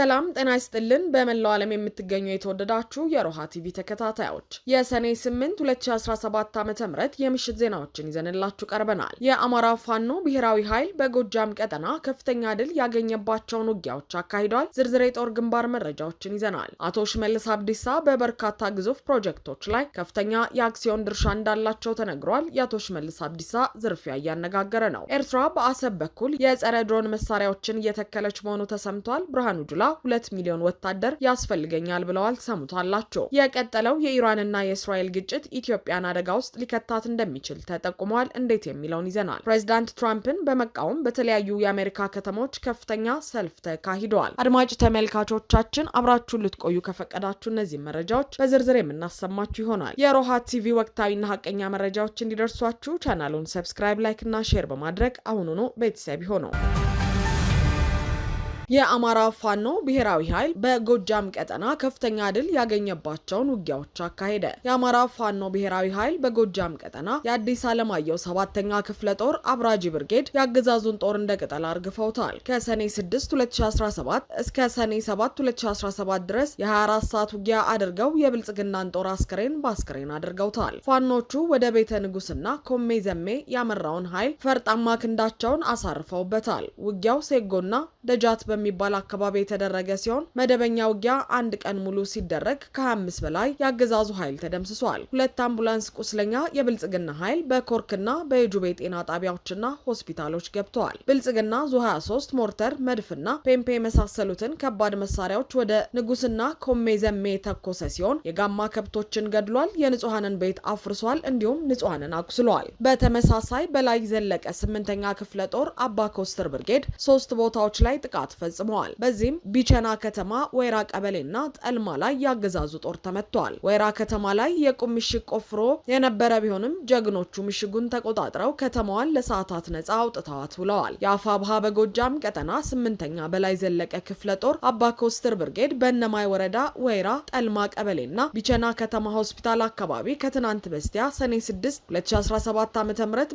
ሰላም ጤና ይስጥልን። በመላው ዓለም የምትገኙ የተወደዳችሁ የሮሃ ቲቪ ተከታታዮች የሰኔ 8 2017 ዓ ም የምሽት ዜናዎችን ይዘንላችሁ ቀርበናል። የአማራ ፋኖ ብሔራዊ ኃይል በጎጃም ቀጠና ከፍተኛ ድል ያገኘባቸውን ውጊያዎች አካሂዷል። ዝርዝር የጦር ግንባር መረጃዎችን ይዘናል። አቶ ሽመልስ አብዲሳ በበርካታ ግዙፍ ፕሮጀክቶች ላይ ከፍተኛ የአክሲዮን ድርሻ እንዳላቸው ተነግሯል። የአቶ ሽመልስ አብዲሳ ዝርፊያ እያነጋገረ ነው። ኤርትራ በአሰብ በኩል የጸረ ድሮን መሳሪያዎችን እየተከለች መሆኑ ተሰምቷል። ብርሃኑ ጁላ ሁለት ሚሊዮን ወታደር ያስፈልገኛል ብለዋል። ሰሙታላቸው። የቀጠለው የኢራንና የእስራኤል ግጭት ኢትዮጵያን አደጋ ውስጥ ሊከታት እንደሚችል ተጠቁመዋል። እንዴት የሚለውን ይዘናል። ፕሬዚዳንት ትራምፕን በመቃወም በተለያዩ የአሜሪካ ከተሞች ከፍተኛ ሰልፍ ተካሂደዋል። አድማጭ ተመልካቾቻችን አብራችሁን ልትቆዩ ከፈቀዳችሁ እነዚህ መረጃዎች በዝርዝር የምናሰማችሁ ይሆናል። የሮሃ ቲቪ ወቅታዊና ሀቀኛ መረጃዎች እንዲደርሷችሁ ቻናሉን ሰብስክራይብ፣ ላይክ እና ሼር በማድረግ አሁኑኑ ቤተሰብ ይሆነው። የአማራ ፋኖ ብሔራዊ ኃይል በጎጃም ቀጠና ከፍተኛ ድል ያገኘባቸውን ውጊያዎች አካሄደ። የአማራ ፋኖ ብሔራዊ ኃይል በጎጃም ቀጠና የአዲስ አለማየሁ ሰባተኛ ክፍለ ጦር አብራጂ ብርጌድ የአገዛዙን ጦር እንደ ቅጠል አርግፈውታል። ከሰኔ 6 2017 እስከ ሰኔ 7 2017 ድረስ የ24 ሰዓት ውጊያ አድርገው የብልጽግናን ጦር አስክሬን በአስክሬን አድርገውታል። ፋኖቹ ወደ ቤተ ንጉስና ኮሜ ዘሜ ያመራውን ኃይል ፈርጣማ ክንዳቸውን አሳርፈውበታል። ውጊያው ሴጎና ደጃት በ በሚባል አካባቢ የተደረገ ሲሆን መደበኛ ውጊያ አንድ ቀን ሙሉ ሲደረግ ከ25 በላይ የአገዛዙ ኃይል ተደምስሷል። ሁለት አምቡላንስ ቁስለኛ የብልጽግና ኃይል በኮርክና በጁቤ ጤና ጣቢያዎችና ሆስፒታሎች ገብተዋል። ብልጽግና ዙ 23 ሞርተር፣ መድፍና ፔምፔ የመሳሰሉትን ከባድ መሳሪያዎች ወደ ንጉስና ኮሜ ዘሜ የተኮሰ ሲሆን የጋማ ከብቶችን ገድሏል። የንጹሐንን ቤት አፍርሷል። እንዲሁም ንጹሐንን አቁስሏል። በተመሳሳይ በላይ ዘለቀ ስምንተኛ ክፍለ ጦር አባ ኮስተር ብርጌድ ሶስት ቦታዎች ላይ ጥቃት ፈ። ፈጽመዋል። በዚህም ቢቸና ከተማ ወይራ ቀበሌና ጠልማ ላይ ያገዛዙ ጦር ተመቷል። ወይራ ከተማ ላይ የቁም ምሽግ ቆፍሮ የነበረ ቢሆንም ጀግኖቹ ምሽጉን ተቆጣጥረው ከተማዋን ለሰዓታት ነጻ አውጥተዋት ውለዋል። የአፋ ብሃ በጎጃም ቀጠና ስምንተኛ በላይ ዘለቀ ክፍለ ጦር አባ ኮስትር ብርጌድ በእነማይ ወረዳ ወይራ ጠልማ ቀበሌና ቢቸና ከተማ ሆስፒታል አካባቢ ከትናንት በስቲያ ሰኔ 6 2017 ዓ ም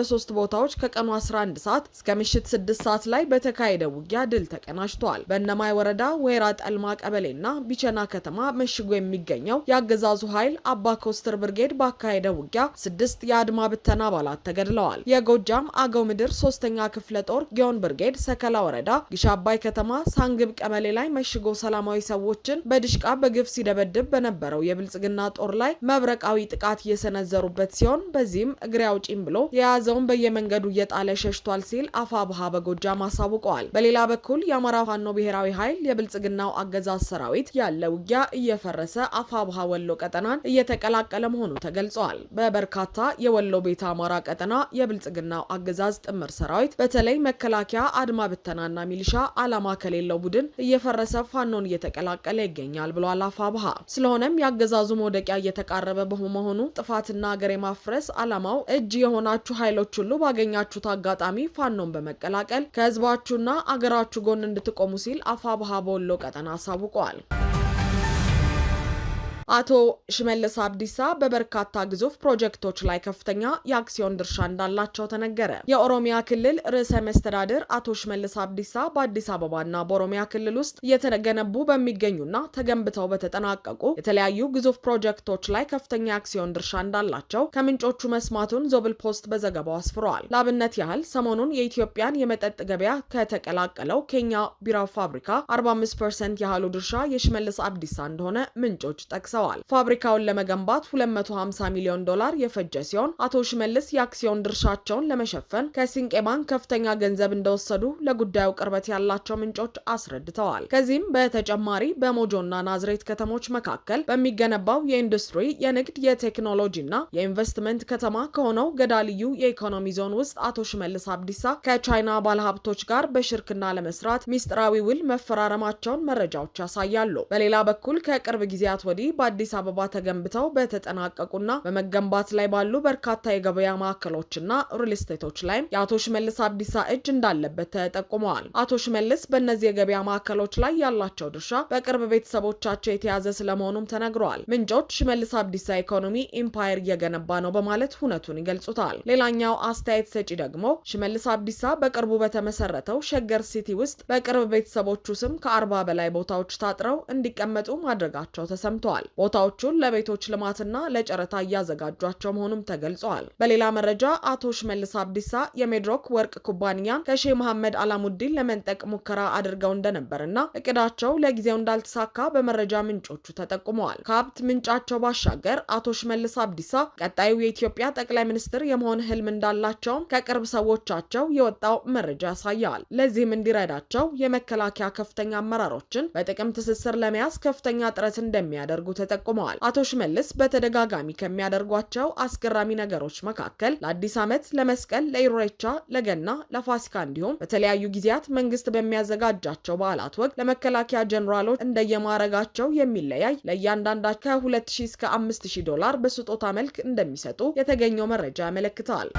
በሶስት ቦታዎች ከቀኑ 11 ሰዓት እስከ ምሽት 6 ሰዓት ላይ በተካሄደ ውጊያ ድል ተቀናሽ ተከስቷል። በእነማይ ወረዳ ወይራ ጠልማ ቀበሌና ቢቸና ከተማ መሽጎ የሚገኘው የአገዛዙ ኃይል አባ ኮስተር ብርጌድ ባካሄደው ውጊያ ስድስት የአድማ ብተና አባላት ተገድለዋል። የጎጃም አገው ምድር ሶስተኛ ክፍለ ጦር ጊዮን ብርጌድ ሰከላ ወረዳ ግሻ አባይ ከተማ ሳንግብ ቀበሌ ላይ መሽጎ ሰላማዊ ሰዎችን በድሽቃ በግፍ ሲደበድብ በነበረው የብልጽግና ጦር ላይ መብረቃዊ ጥቃት እየሰነዘሩበት ሲሆን በዚህም እግሬ አውጪም ብሎ የያዘውን በየመንገዱ እየጣለ ሸሽቷል ሲል ብሃ በጎጃም አሳውቀዋል። በሌላ በኩል የአማራ የአማራ ፋኖ ብሔራዊ ኃይል የብልጽግናው አገዛዝ ሰራዊት ያለ ውጊያ እየፈረሰ አፋብሃ ወሎ ቀጠናን እየተቀላቀለ መሆኑ ተገልጿል። በበርካታ የወሎ ቤተ አማራ ቀጠና የብልጽግናው አገዛዝ ጥምር ሰራዊት በተለይ መከላከያ፣ አድማ ብተናና ሚሊሻ አላማ ከሌለው ቡድን እየፈረሰ ፋኖን እየተቀላቀለ ይገኛል ብሏል አፋብሃ። ስለሆነም የአገዛዙ መውደቂያ እየተቃረበ በመሆኑ ጥፋትና ሀገር የማፍረስ አላማው እጅ የሆናችሁ ኃይሎች ሁሉ ባገኛችሁት አጋጣሚ ፋኖን በመቀላቀል ከህዝባችሁና አገራችሁ ጎን እንድት እንድትቆሙ ሲል አፋብሃ በወሎ ቀጠና አሳውቀዋል። አቶ ሽመልስ አብዲሳ በበርካታ ግዙፍ ፕሮጀክቶች ላይ ከፍተኛ የአክሲዮን ድርሻ እንዳላቸው ተነገረ። የኦሮሚያ ክልል ርዕሰ መስተዳድር አቶ ሽመልስ አብዲሳ በአዲስ አበባና በኦሮሚያ ክልል ውስጥ እየተገነቡ በሚገኙና ተገንብተው በተጠናቀቁ የተለያዩ ግዙፍ ፕሮጀክቶች ላይ ከፍተኛ የአክሲዮን ድርሻ እንዳላቸው ከምንጮቹ መስማቱን ዞብል ፖስት በዘገባው አስፍረዋል። ለአብነት ያህል ሰሞኑን የኢትዮጵያን የመጠጥ ገበያ ከተቀላቀለው ኬንያ ቢራ ፋብሪካ 45 ፐርሰንት ያህሉ ድርሻ የሽመልስ አብዲሳ እንደሆነ ምንጮች ጠቅሰዋል። ጠቅሰዋል። ፋብሪካውን ለመገንባት 250 ሚሊዮን ዶላር የፈጀ ሲሆን አቶ ሽመልስ የአክሲዮን ድርሻቸውን ለመሸፈን ከሲንቄ ባንክ ከፍተኛ ገንዘብ እንደወሰዱ ለጉዳዩ ቅርበት ያላቸው ምንጮች አስረድተዋል። ከዚህም በተጨማሪ በሞጆና ናዝሬት ከተሞች መካከል በሚገነባው የኢንዱስትሪ፣ የንግድ፣ የቴክኖሎጂና የኢንቨስትመንት ከተማ ከሆነው ገዳ ልዩ የኢኮኖሚ ዞን ውስጥ አቶ ሽመልስ አብዲሳ ከቻይና ባለሀብቶች ጋር በሽርክና ለመስራት ሚስጥራዊ ውል መፈራረማቸውን መረጃዎች ያሳያሉ። በሌላ በኩል ከቅርብ ጊዜያት ወዲህ በአዲስ አበባ ተገንብተው በተጠናቀቁና በመገንባት ላይ ባሉ በርካታ የገበያ ማዕከሎችና ሪል ስቴቶች ላይም የአቶ ሽመልስ አብዲሳ እጅ እንዳለበት ተጠቁመዋል። አቶ ሽመልስ በእነዚህ የገበያ ማዕከሎች ላይ ያላቸው ድርሻ በቅርብ ቤተሰቦቻቸው የተያዘ ስለመሆኑም ተነግረዋል። ምንጮች ሽመልስ አብዲሳ ኢኮኖሚ ኢምፓየር እየገነባ ነው በማለት ሁነቱን ይገልጹታል። ሌላኛው አስተያየት ሰጪ ደግሞ ሽመልስ አብዲሳ በቅርቡ በተመሰረተው ሸገር ሲቲ ውስጥ በቅርብ ቤተሰቦቹ ስም ከአርባ በላይ ቦታዎች ታጥረው እንዲቀመጡ ማድረጋቸው ተሰምተዋል። ቦታዎቹን ለቤቶች ልማትና ለጨረታ እያዘጋጇቸው መሆኑም ተገልጿል። በሌላ መረጃ አቶ ሽመልስ አብዲሳ የሜድሮክ ወርቅ ኩባንያን ከሼህ መሐመድ አላሙዲን ለመንጠቅ ሙከራ አድርገው እንደነበርና እቅዳቸው ለጊዜው እንዳልተሳካ በመረጃ ምንጮቹ ተጠቁመዋል። ከሀብት ምንጫቸው ባሻገር አቶ ሽመልስ አብዲሳ ቀጣዩ የኢትዮጵያ ጠቅላይ ሚኒስትር የመሆን ህልም እንዳላቸውም ከቅርብ ሰዎቻቸው የወጣው መረጃ ያሳያል። ለዚህም እንዲረዳቸው የመከላከያ ከፍተኛ አመራሮችን በጥቅም ትስስር ለመያዝ ከፍተኛ ጥረት እንደሚያደርጉ ተጠቁመዋል። አቶ ሽመልስ በተደጋጋሚ ከሚያደርጓቸው አስገራሚ ነገሮች መካከል ለአዲስ ዓመት፣ ለመስቀል፣ ለኢሬቻ፣ ለገና፣ ለፋሲካ እንዲሁም በተለያዩ ጊዜያት መንግስት በሚያዘጋጃቸው በዓላት ወቅት ለመከላከያ ጀኔራሎች እንደየማዕረጋቸው የሚለያይ ለእያንዳንዳቸው ከ2000 እስከ 5000 ዶላር በስጦታ መልክ እንደሚሰጡ የተገኘው መረጃ ያመለክታል።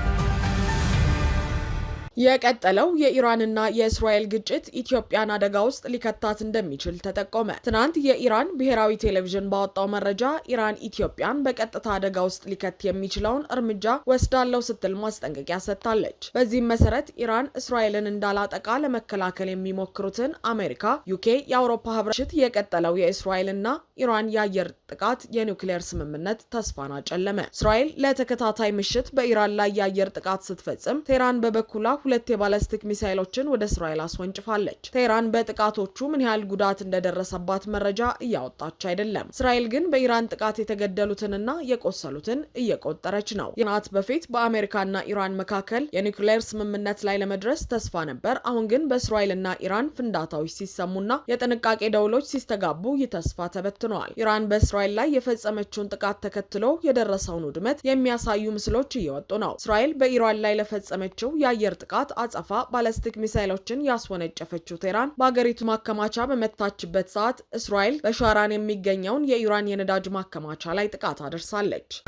የቀጠለው የኢራንና የእስራኤል ግጭት ኢትዮጵያን አደጋ ውስጥ ሊከታት እንደሚችል ተጠቆመ። ትናንት የኢራን ብሔራዊ ቴሌቪዥን ባወጣው መረጃ ኢራን ኢትዮጵያን በቀጥታ አደጋ ውስጥ ሊከት የሚችለውን እርምጃ ወስዳለው ስትል ማስጠንቀቂያ ሰጥታለች። በዚህም መሰረት ኢራን እስራኤልን እንዳላጠቃ ለመከላከል የሚሞክሩትን አሜሪካ፣ ዩኬ፣ የአውሮፓ ህብረት የቀጠለው የእስራኤልና ኢራን የአየር ጥቃት የኒውክሌር ስምምነት ተስፋን አጨለመ። እስራኤል ለተከታታይ ምሽት በኢራን ላይ የአየር ጥቃት ስትፈጽም ቴህራን በበኩሏ ሁለት የባለስቲክ ሚሳይሎችን ወደ እስራኤል አስወንጭፋለች። ቴህራን በጥቃቶቹ ምን ያህል ጉዳት እንደደረሰባት መረጃ እያወጣች አይደለም። እስራኤል ግን በኢራን ጥቃት የተገደሉትንና የቆሰሉትን እየቆጠረች ነው። የናት በፊት በአሜሪካና ኢራን መካከል የኒውክሌር ስምምነት ላይ ለመድረስ ተስፋ ነበር። አሁን ግን በእስራኤልና ኢራን ፍንዳታዎች ሲሰሙና የጥንቃቄ ደውሎች ሲስተጋቡ ይህ ተስፋ ተበትነዋል። ኢራን በእስራኤል ላይ የፈጸመችውን ጥቃት ተከትሎ የደረሰውን ውድመት የሚያሳዩ ምስሎች እየወጡ ነው። እስራኤል በኢራን ላይ ለፈጸመችው የአየር ጥቃት አጸፋ ባለስቲክ ሚሳይሎችን ያስወነጨፈችው ቴህራን በአገሪቱ ማከማቻ በመታችበት ሰዓት እስራኤል በሻራን የሚገኘውን የኢራን የነዳጅ ማከማቻ ላይ ጥቃት አደርሳለች።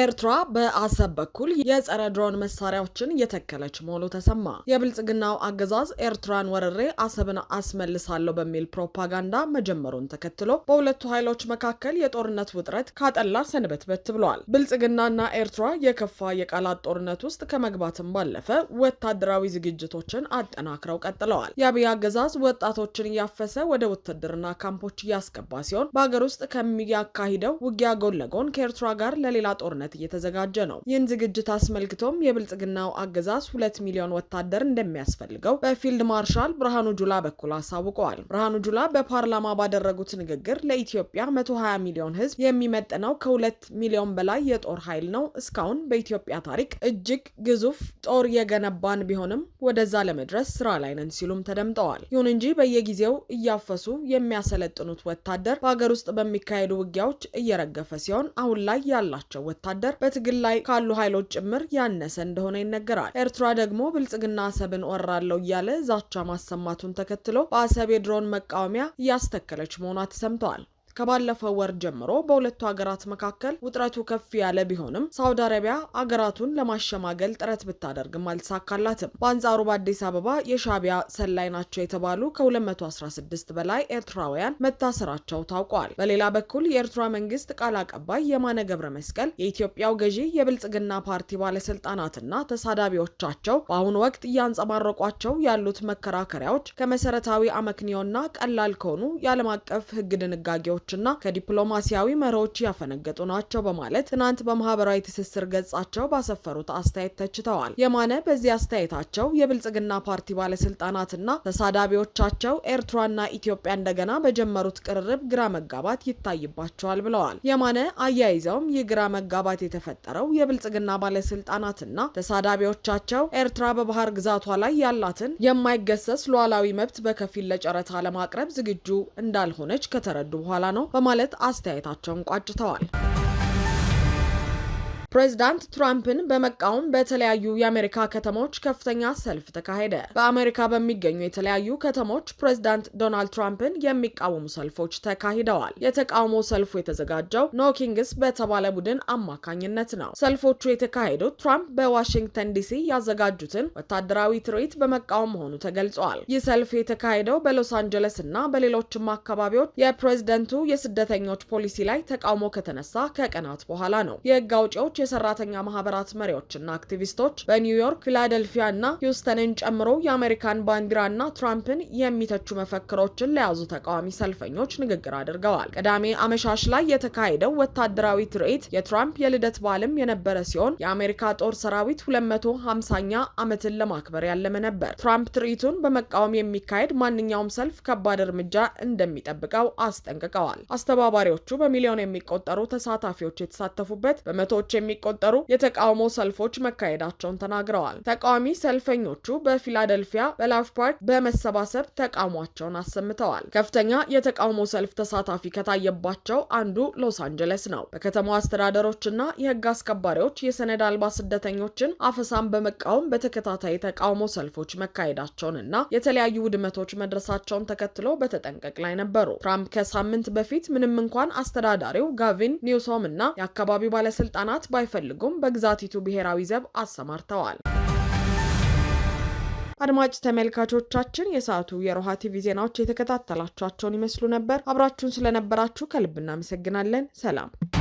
ኤርትራ በአሰብ በኩል የጸረ ድሮን መሳሪያዎችን እየተከለች መሆኑ ተሰማ። የብልጽግናው አገዛዝ ኤርትራን ወረሬ አሰብን አስመልሳለሁ በሚል ፕሮፓጋንዳ መጀመሩን ተከትሎ በሁለቱ ኃይሎች መካከል የጦርነት ውጥረት ካጠላ ሰንበትበት ብለዋል። ብልጽግናና ኤርትራ የከፋ የቃላት ጦርነት ውስጥ ከመግባትም ባለፈ ወታደራዊ ዝግጅቶችን አጠናክረው ቀጥለዋል። የአብይ አገዛዝ ወጣቶችን እያፈሰ ወደ ውትድርና ካምፖች እያስገባ ሲሆን በሀገር ውስጥ ከሚያካሂደው ውጊያ ጎን ለጎን ከኤርትራ ጋር ለሌላ ጦርነት ለጦርነት እየተዘጋጀ ነው። ይህን ዝግጅት አስመልክቶም የብልጽግናው አገዛዝ ሁለት ሚሊዮን ወታደር እንደሚያስፈልገው በፊልድ ማርሻል ብርሃኑ ጁላ በኩል አሳውቀዋል። ብርሃኑ ጁላ በፓርላማ ባደረጉት ንግግር ለኢትዮጵያ 120 ሚሊዮን ሕዝብ የሚመጥነው ከሁለት ሚሊዮን በላይ የጦር ኃይል ነው። እስካሁን በኢትዮጵያ ታሪክ እጅግ ግዙፍ ጦር የገነባን ቢሆንም ወደዛ ለመድረስ ስራ ላይ ነን ሲሉም ተደምጠዋል። ይሁን እንጂ በየጊዜው እያፈሱ የሚያሰለጥኑት ወታደር በሀገር ውስጥ በሚካሄዱ ውጊያዎች እየረገፈ ሲሆን አሁን ላይ ያላቸው ወታደር ወታደር በትግል ላይ ካሉ ኃይሎች ጭምር ያነሰ እንደሆነ ይነገራል። ኤርትራ ደግሞ ብልጽግና አሰብን ወራለው እያለ ዛቻ ማሰማቱን ተከትሎ በአሰብ የድሮን መቃወሚያ እያስተከለች መሆኗ ተሰምተዋል። ከባለፈው ወር ጀምሮ በሁለቱ ሀገራት መካከል ውጥረቱ ከፍ ያለ ቢሆንም ሳውዲ አረቢያ አገራቱን ለማሸማገል ጥረት ብታደርግም አልተሳካላትም። በአንጻሩ በአዲስ አበባ የሻቢያ ሰላይ ናቸው የተባሉ ከ216 በላይ ኤርትራውያን መታሰራቸው ታውቋል። በሌላ በኩል የኤርትራ መንግስት ቃል አቀባይ የማነ ገብረ መስቀል የኢትዮጵያው ገዢ የብልጽግና ፓርቲ ባለስልጣናትና ተሳዳቢዎቻቸው በአሁኑ ወቅት እያንጸባረቋቸው ያሉት መከራከሪያዎች ከመሰረታዊ አመክንዮና ቀላል ከሆኑ የዓለም አቀፍ ህግ ድንጋጌዎች ፖሊሲዎችና ከዲፕሎማሲያዊ መሪዎች ያፈነገጡ ናቸው በማለት ትናንት በማህበራዊ ትስስር ገጻቸው ባሰፈሩት አስተያየት ተችተዋል። የማነ በዚህ አስተያየታቸው የብልጽግና ፓርቲ ባለስልጣናትና ተሳዳቢዎቻቸው ኤርትራና ኢትዮጵያ እንደገና በጀመሩት ቅርርብ ግራ መጋባት ይታይባቸዋል ብለዋል። የማነ አያይዘውም ይህ ግራ መጋባት የተፈጠረው የብልጽግና ባለስልጣናትና ተሳዳቢዎቻቸው ኤርትራ በባህር ግዛቷ ላይ ያላትን የማይገሰስ ሉዓላዊ መብት በከፊል ለጨረታ ለማቅረብ ዝግጁ እንዳልሆነች ከተረዱ በኋላ ነው በማለት አስተያየታቸውን ቋጭተዋል። ፕሬዚዳንት ትራምፕን በመቃወም በተለያዩ የአሜሪካ ከተሞች ከፍተኛ ሰልፍ ተካሄደ። በአሜሪካ በሚገኙ የተለያዩ ከተሞች ፕሬዚዳንት ዶናልድ ትራምፕን የሚቃወሙ ሰልፎች ተካሂደዋል። የተቃውሞ ሰልፉ የተዘጋጀው ኖኪንግስ በተባለ ቡድን አማካኝነት ነው። ሰልፎቹ የተካሄዱት ትራምፕ በዋሽንግተን ዲሲ ያዘጋጁትን ወታደራዊ ትርኢት በመቃወም መሆኑ ተገልጿል። ይህ ሰልፍ የተካሄደው በሎስ አንጀለስ እና በሌሎችም አካባቢዎች የፕሬዚደንቱ የስደተኞች ፖሊሲ ላይ ተቃውሞ ከተነሳ ከቀናት በኋላ ነው። የህግ አውጪዎች የሰራተኛ ማህበራት መሪዎችና አክቲቪስቶች በኒውዮርክ፣ ፊላደልፊያ እና ሂውስተንን ጨምሮ የአሜሪካን ባንዲራና ትራምፕን የሚተቹ መፈክሮችን ለያዙ ተቃዋሚ ሰልፈኞች ንግግር አድርገዋል። ቅዳሜ አመሻሽ ላይ የተካሄደው ወታደራዊ ትርኢት የትራምፕ የልደት በዓልም የነበረ ሲሆን የአሜሪካ ጦር ሰራዊት 250ኛ ዓመትን ለማክበር ያለመ ነበር። ትራምፕ ትርኢቱን በመቃወም የሚካሄድ ማንኛውም ሰልፍ ከባድ እርምጃ እንደሚጠብቀው አስጠንቅቀዋል። አስተባባሪዎቹ በሚሊዮን የሚቆጠሩ ተሳታፊዎች የተሳተፉበት በመቶዎች የሚ የሚቆጠሩ የተቃውሞ ሰልፎች መካሄዳቸውን ተናግረዋል። ተቃዋሚ ሰልፈኞቹ በፊላደልፊያ በላፍ ፓርክ በመሰባሰብ ተቃውሟቸውን አሰምተዋል። ከፍተኛ የተቃውሞ ሰልፍ ተሳታፊ ከታየባቸው አንዱ ሎስ አንጀለስ ነው። በከተማው አስተዳደሮችና የህግ አስከባሪዎች የሰነድ አልባ ስደተኞችን አፈሳን በመቃወም በተከታታይ የተቃውሞ ሰልፎች መካሄዳቸውን እና የተለያዩ ውድመቶች መድረሳቸውን ተከትሎ በተጠንቀቅ ላይ ነበሩ። ትራምፕ ከሳምንት በፊት ምንም እንኳን አስተዳዳሪው ጋቪን ኒውሶም እና የአካባቢው ባለስልጣናት ባይፈልጉም በግዛቲቱ ብሔራዊ ዘብ አሰማርተዋል። አድማጭ ተመልካቾቻችን የሰዓቱ የሮሃ ቲቪ ዜናዎች የተከታተላችኋቸውን ይመስሉ ነበር። አብራችሁን ስለነበራችሁ ከልብ እናመሰግናለን። ሰላም